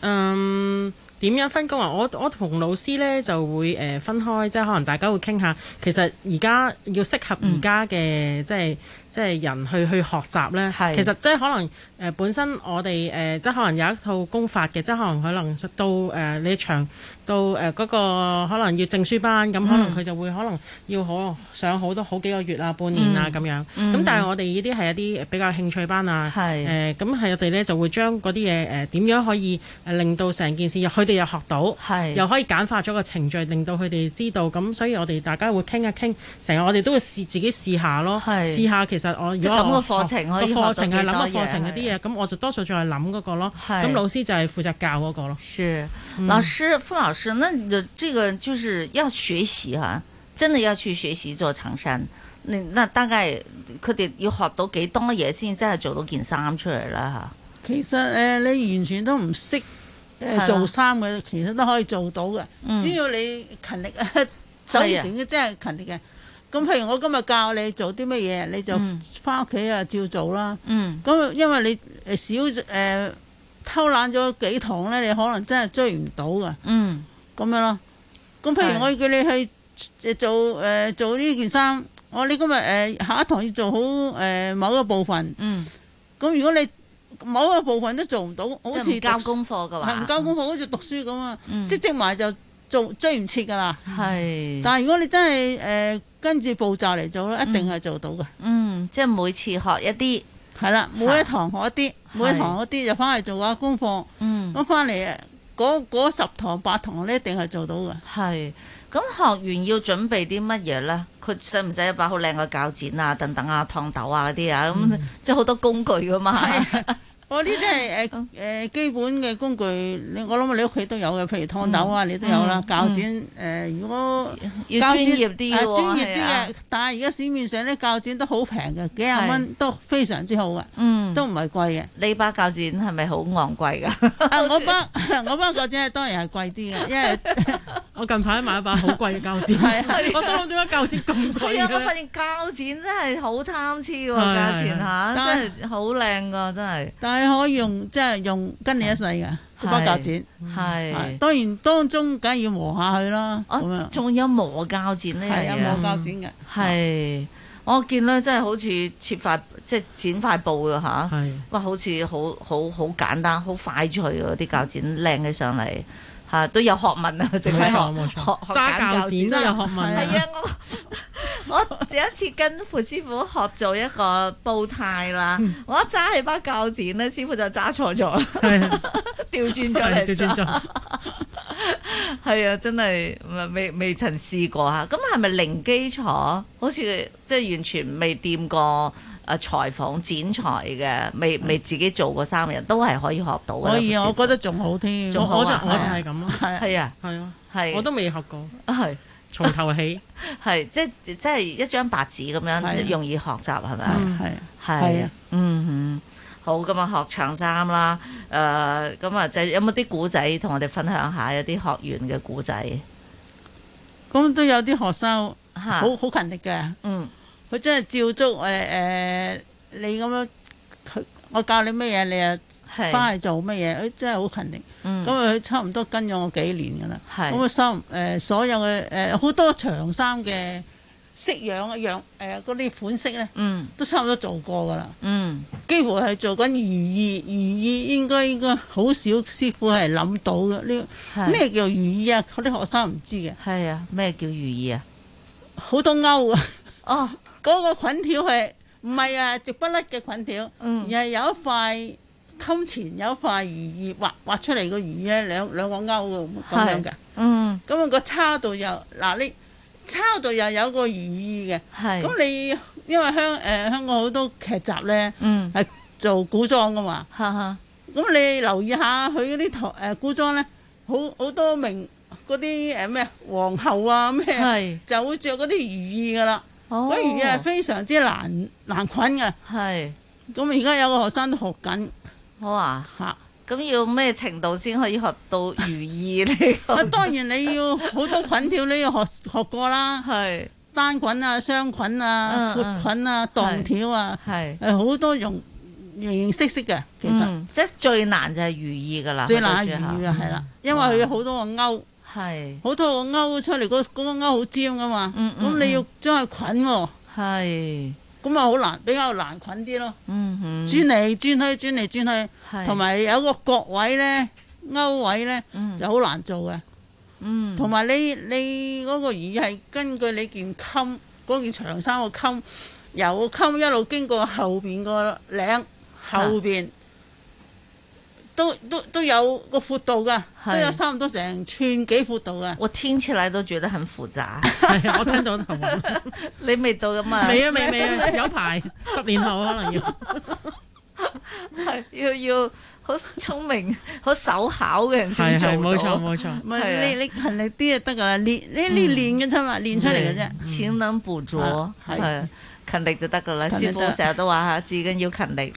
吓，嗯，點樣分工啊？我我同老師咧就會誒分開，即係可能大家會傾下，其實而家要適合而家嘅即係。即係人去去學習咧，其實即係可能誒、呃、本身我哋誒、呃、即係可能有一套功法嘅，即係可能可能到誒、呃、你上到誒嗰個可能要證書班，咁、嗯、可能佢就會可能要可能上好多好幾個月啊、半年啊咁樣，咁、嗯嗯、但係我哋呢啲係一啲比較興趣班啊，誒咁係我哋咧就會將嗰啲嘢誒點樣可以誒令到成件事，佢哋又學到，又可以簡化咗個程序，令到佢哋知道。咁所以我哋大家會傾一傾成日我哋都會試自己試下咯，試下其實。就我如果咁嘅課程可以，個課程係諗個課程嗰啲嘢，咁我就多數在諗嗰個咯。咁老師就係負責教嗰個咯。老師，傅、嗯、老師，那呢個就係要學習嚇、啊，真係要去學習做長衫。你，那大概，佢哋要學到幾多嘢先真係做到件衫出嚟啦嚇？其實誒、呃，你完全都唔識做衫嘅，其實都可以做到嘅、嗯，只要你勤力啊，手要短嘅真係勤力嘅。咁譬如我今日教你做啲乜嘢，你就翻屋企啊照做啦。咁、嗯、因為你少誒、呃、偷懶咗幾堂咧，你可能真係追唔到噶。咁、嗯、樣咯。咁譬如我叫你去誒做誒、呃、做呢件衫，我你今日誒、呃、下一堂要做好誒、呃、某一個部分。咁、嗯、如果你某一個部分都做唔到，好似交功課嘅話係唔交功課、嗯、好似讀書咁啊，積積埋就做追唔切噶啦。係。但係如果你真係誒，呃跟住步驟嚟做咧，一定係做到嘅、嗯。嗯，即係每次學一啲，係啦，每一堂學一啲，每一堂嗰啲就翻嚟做下功課。嗯，咁翻嚟嗰十堂八堂咧，一定係做到嘅。係，咁學完要準備啲乜嘢咧？佢使唔使一把好靚嘅鉸剪啊、等等啊、燙斗啊嗰啲啊？咁、嗯、即係好多工具噶嘛。我呢啲係誒誒基本嘅工具，我你我諗你屋企都有嘅，譬如熨斗啊、嗯，你都有啦。鉸剪誒、嗯呃，如果要專業啲喎、啊啊，專業啲嘅、啊。但係而家市面上啲鉸剪都好平嘅，幾廿蚊都非常之好嘅、嗯，都唔係貴嘅。你把鉸剪係咪好昂貴㗎、啊？我把 我把鉸剪係當然係貴啲嘅，因為 我近排買一把好貴嘅鉸剪、 啊，我心諗點解鉸剪咁貴、啊？我發現鉸剪真係好參差喎，價錢吓真係好靚㗎，真係、啊。真的係可以用，即係用跟你一世嘅嗰把鉸剪，係當然當中梗係要磨下去啦。咁、啊、仲有磨鉸剪呢，係啊磨鉸剪嘅。係、嗯、我見咧，真係好似切塊即係剪塊布嘅吓，哇、啊！好似好好好簡單，好快脆啊！啲鉸剪靚起上嚟。吓、啊，都有學問啊！正係學冇錯學揸鉸剪都有學問。係啊，啊 我我這一次跟傅師傅學做一個煲呔啦， 我一揸起一把鉸剪咧，師傅就揸錯咗，調轉咗嚟。調轉咗，係啊, 啊，真係未未曾試過吓。咁係咪零基礎？好似即係完全未掂過。啊！裁縫剪裁嘅，未未自己做過三個人是都係可以學到嘅。可以啊，我覺得仲好添。我我就我就係咁咯。係、哦、啊，係啊，係、啊啊啊啊。我都未學過。啊，係從頭起，係 即即係一張白紙咁樣，啊，容易學習，係咪啊？係、嗯、係啊，啊，嗯嗯嗯、啊，嗯，好咁啊，學長衫啦，誒、呃，咁啊，就有冇啲古仔同我哋分享下？有啲學員嘅古仔，咁都有啲學生好好勤力嘅。嗯。嗯佢真係照足誒誒你咁樣，佢我教你乜嘢，你又返去做乜嘢？佢真係好勤力。咁、嗯、啊，佢差唔多跟咗我幾年㗎喇。咁啊，三誒、呃、所有嘅誒好多長衫嘅式樣樣誒嗰啲款式咧、嗯，都差唔多做過㗎喇、嗯。幾乎係做緊如意，如意應該應該好少師傅係諗到嘅。呢、這、咩、個、叫如意啊？嗰啲學生唔知嘅。係啊，咩叫如意啊？好多鈎啊！哦～嗰、那個滾條係唔係啊直不甩嘅滾條，而係有一塊襟前有一塊如意，畫出嚟個如意咧，兩兩個勾嘅咁樣嘅。嗯，咁、那、啊個叉度又，嗱你叉度又有個如意嘅。係。咁你因為香香港好多劇集咧，係、嗯、做古裝嘅嘛。咁你留意一下佢嗰啲台誒古裝咧，好好多名嗰啲誒咩皇后啊咩，就會着嗰啲如意嘅啦。如意、哦、如意啊，非常之難難滾嘅。係，咁而家有個學生都學緊。好啊。吓、啊，咁要咩程度先可以學到如意呢？ 當然你要好多滾條，你要學 學過啦。係。單滾啊，雙滾啊，闊、嗯、滾啊，蕩、嗯、條啊，係。好多用形形色色嘅，其實。嗯、即係最難就係如意噶啦。最難最難係啦，因為佢有好多個勾。係，好是多個勾出嚟，嗰、那、嗰、個、勾好尖㗎嘛，咁、嗯嗯嗯、你要將佢捆喎，係是，咁啊好難，比較難捆啲咯，嗯嗯、轉嚟轉去，轉嚟轉去，同埋是有個角位呢，勾位呢、嗯、就好難做嘅，嗯，同埋你你嗰個魚係根據你件襟嗰件長衫個襟，由個襟一路經過後邊個領後邊。都都都有個闊度噶，都有差唔多成寸幾闊度噶。我聽起來都覺得很複雜。係 啊， 我聽到同 你未到㗎嘛？未啊未未啊，有排 十年後可能有 要係要要好聰明、好手巧嘅人先做到，冇錯冇錯。唔係、啊、你你勤力啲就得㗎啦，你你練呢啲練嘅啫嘛，練出嚟嘅啫，勤能補拙係。勤力就得勤力得噶啦，師傅成日都話嚇，至緊要勤力，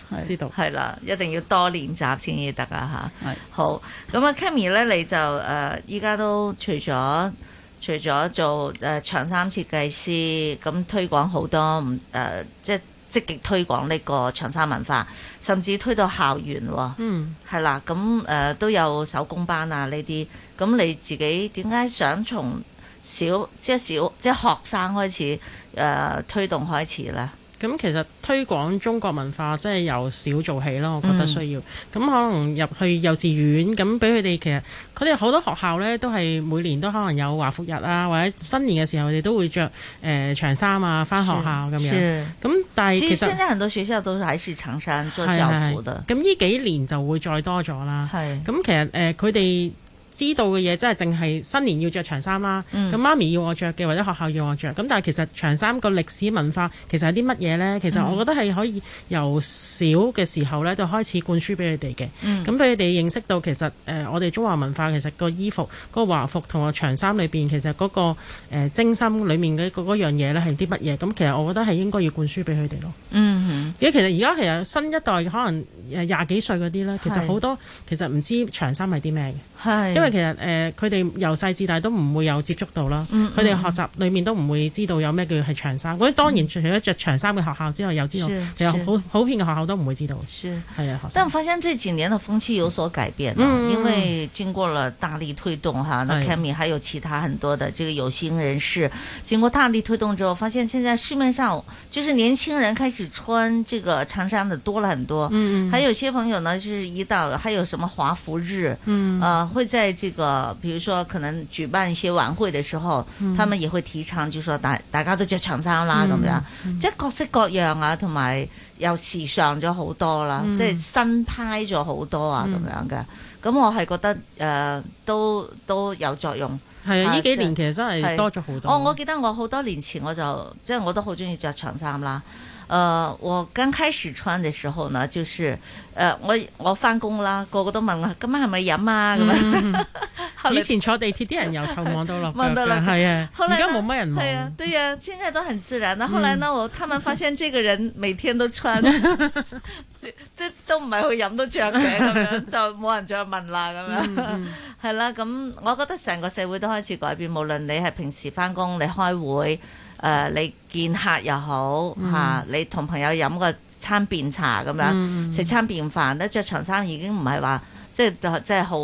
係啦，一定要多練習先至得啊嚇。係好咁啊 Cammy 咧，你就誒依家都除咗除咗做誒、呃、長衫設計師，咁推廣好多唔誒、呃，即係積極推廣呢個長衫文化，甚至推到校園喎。嗯，係啦，咁、呃、誒都有手工班啊呢啲，咁你，你自己點解想從小即係小即係學生開始？呃、推動開始啦。咁其實推廣中國文化，真係由少做起咯。我覺得需要。咁、嗯、可能入去幼稚園，咁俾佢哋其實佢哋好多學校呢，都係每年都可能有華服日啊，或者新年嘅時候，佢哋都會着誒、呃、長衫啊，返學校咁樣。咁但係其實，其實現在很多學校都係開始長衫做校服的。咁依幾年就會再多咗啦。咁其實誒佢哋。呃知道嘅嘢真係淨係新年要着長衫啦，咁、嗯、媽咪要我着嘅或者學校要我着。咁但係其實長衫個歷史文化其實係啲乜嘢呢、嗯？其實我覺得係可以由小嘅時候呢，就開始灌輸俾佢哋嘅，咁俾佢哋認識到其實誒、呃、我哋中華文化其實個衣服、個華服同埋長衫裏邊其實嗰、嗰個、呃、精心裡面嘅嗰樣嘢呢，係啲乜嘢？咁其實我覺得係應該要灌輸俾佢哋咯。嗯哼、因為其實而家其實新一代可能廿幾歲嗰啲呢，其實好多其實唔知長衫係啲咩嘅，因其實誒，佢哋由細至大都唔會有接觸到啦。佢、嗯、哋、嗯、學習裏面都唔會知道有咩叫係長衫。啲、嗯、當然除咗着長衫嘅學校之外，又知道其實普普遍嘅學校都唔會知道。是係啊。但係我發現，這幾年的風氣有所改變。嗯。因為經過了大力推動，哈、嗯、，Cammy，、啊、還有其他很多的這個有心人士，經過大力推動之後，發現現在市面上就是年輕人開始穿這個長衫的多了很多。嗯嗯。還有些朋友呢，就是一到，還有什麼華服日，嗯，啊、呃，會在。這個，譬如說可能舉辦一些晚會的時候，嗯，他們也會提倡，就說大大家都着長衫啦，咁、嗯、樣，即、嗯、係各式各樣啊，同埋又時尚咗好多啦，即、嗯、係新派咗好多啊，咁樣嘅。嗯咁我係覺得誒、呃、都都有作用，係啊！呢幾年其實真係多咗好多。哦，我記得我好多年前我就即係我都好中意着長衫啦。誒、呃，我剛開始穿嘅時候呢，就是誒、呃、我我翻工啦，個個都問我：今晚係咪飲啊？咁、嗯、樣。 以前坐地鐵啲人又頭望到落，望到落係啊！而家冇乜人啊，對啊，現在都很自然啦、嗯。後來呢，我他們發現這個人每天都穿，即、嗯、 都唔係去飲到着嘅咁樣，就冇人再問啦咁樣。係、嗯、啦，咁、嗯、我覺得成個社會都開始改變，無論你係平時返工、你開會、誒、呃、你見客又好吓、嗯啊，你同朋友飲個餐便茶咁樣，食、嗯、餐便飯都着長衫，已經唔係話。即係即係好，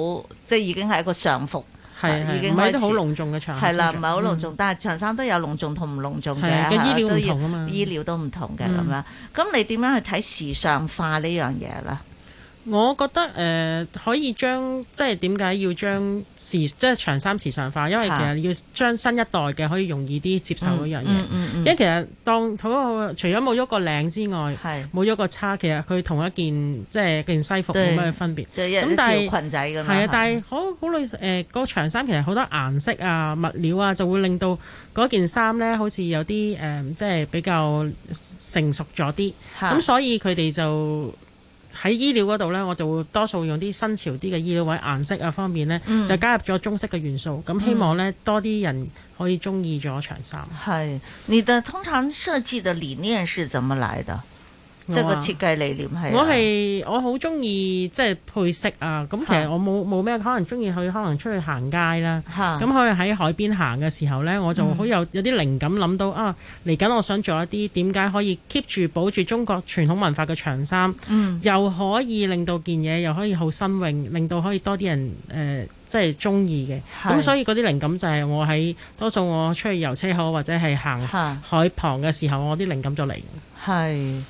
即係已經係一個上服，係已經開始，唔係好隆重嘅長衫，係啦，唔係好隆重，嗯、但係長衫都有隆重同唔隆重嘅，都醫療都唔同啊嘛。醫療都唔同嘅咁、嗯、樣，咁你點樣去睇時尚化呢樣嘢啦？我覺得誒、呃、可以將即係點解要將時即係長衫時尚化？因為其實要將新一代嘅可以容易啲接受嗰樣嘢。因為其實當除咗冇咗個領之外，冇咗個叉，其實佢同一件即係件西服冇乜分別。咁但係，啊，但係好好耐誒、呃，那個長衫其實好多顏色啊、物料啊，就會令到嗰件衫咧好似有啲誒、呃，即係比較成熟咗啲。咁所以佢哋就喺衣料嗰度咧，我就會多數用啲新潮啲嘅衣料或者顏色啊方面咧，就加入咗中式嘅元素，咁、嗯、希望咧多啲人可以鍾意咗長衫。係，你的通常設計的理念是怎麼來的？即係個設計理念係我係我好中意即係配色啊。咁其實我冇冇咩可能中意去，可能出去行街啦。咁可能喺海邊行嘅時候呢，我就好有有啲靈感想，諗、嗯、到啊嚟緊，我想做一啲點解可以 keep 住保住中國傳統文化嘅長衫、嗯，又可以令到件嘢又可以好新穎，令到可以多啲人誒、呃、即係中意嘅。咁所以嗰啲靈感就係我喺多數我出去遊車河或者係行海旁嘅時候，的我啲靈感就嚟嘅。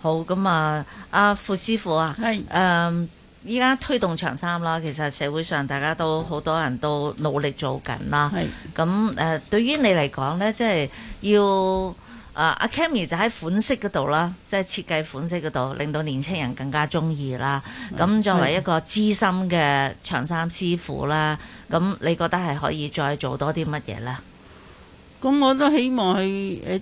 好咁啊，阿傅師傅啊，係，誒、嗯，依家推動長衫啦，其實社會上大家都好多人都努力做緊啦，係，咁誒、呃，對於你嚟講咧，即、就、係、是、要啊，阿、啊、Cammy 就喺款式嗰度啦，即、就、係、是、設計款式嗰度，令到年輕人更加中意啦。咁作為一個資深嘅長衫師傅啦，咁你覺得係可以再做多啲乜嘢咧？咁我都希望去誒。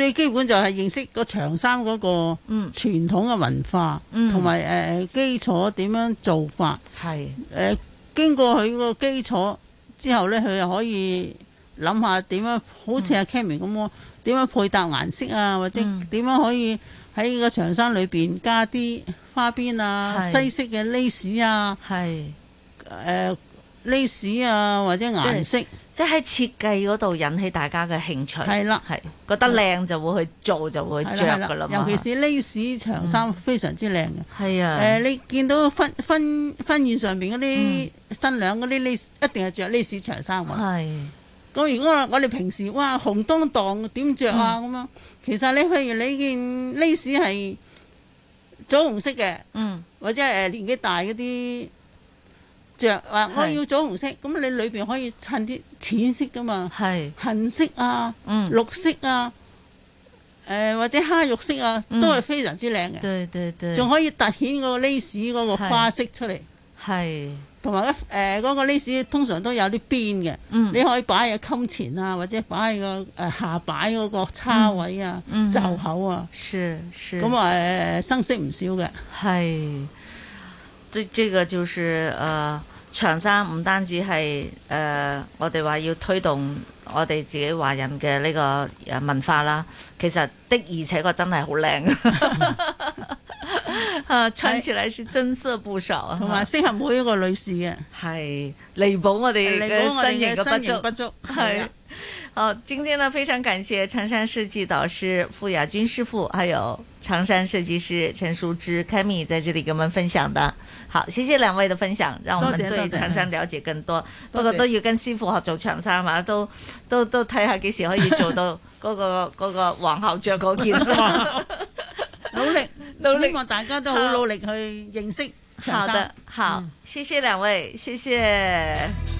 最基本就係認識個長衫嗰個傳統嘅文化，同埋誒基礎點樣做法。係誒、呃、經過佢個基礎之後呢，佢又可以諗下點樣，好似阿 Cammy 咁喎，點、嗯、樣配搭顏色啊、嗯，或者點樣可以喺個長衫裏邊加啲花邊啊、西式嘅 lace 啊，係誒。呢士啊或者顏色，即喺、就是、設計嗰度引起大家嘅興趣，係啦，係覺得靚就會去做就會著噶啦。尤其是呢士 c 長衫非常之靚嘅，係啊，誒、呃、你見到婚婚婚宴上邊嗰啲新娘嗰啲 lace 一定係着呢士 c 長衫喎、啊，咁如果我哋平時哇紅當當點着啊咁樣、嗯，其實你譬如你件 lace 係，棗紅色嘅，嗯，或者係誒年紀大嗰啲。着我要棗紅色，咁你裏邊可以襯啲淺色噶嘛？係，杏色啊、嗯，綠色啊，誒、呃、或者蝦肉色啊，嗯、都係非常之靚嘅。對對對，仲可以突顯嗰個 lace 嗰個花色出嚟。係，同埋一誒嗰個 lace 通常都有啲邊嘅、嗯，你可以擺喺襟前啊，或者擺喺個誒下擺嗰個叉位啊、袖、嗯、口啊，咁啊生色唔少嘅。係。即呢這個就是誒、呃、長衫唔單止係誒、呃、我哋話要推動我哋自己華人嘅呢個文化啦，其實的而且確真係好靚啊！穿起嚟是增色不少啊，同埋適合每一個女士嘅、啊，係彌補我哋嘅身形不足，係。 好，今天呢，非常感謝長衫設計導師傅雅君師傅，還有長衫設計師陳淑芝、開 Kemi 米在這裏給我們分享的。好，謝謝兩位的分享，讓我們對長衫了解更多。多多多不過都要跟師傅合作長衫嘛，都都都睇下幾時可以做到嗰、那個嗰 個皇后着嗰件 努。努力努力，望大家都好努力去認識長衫。好的，好，嗯、謝謝兩位，謝謝。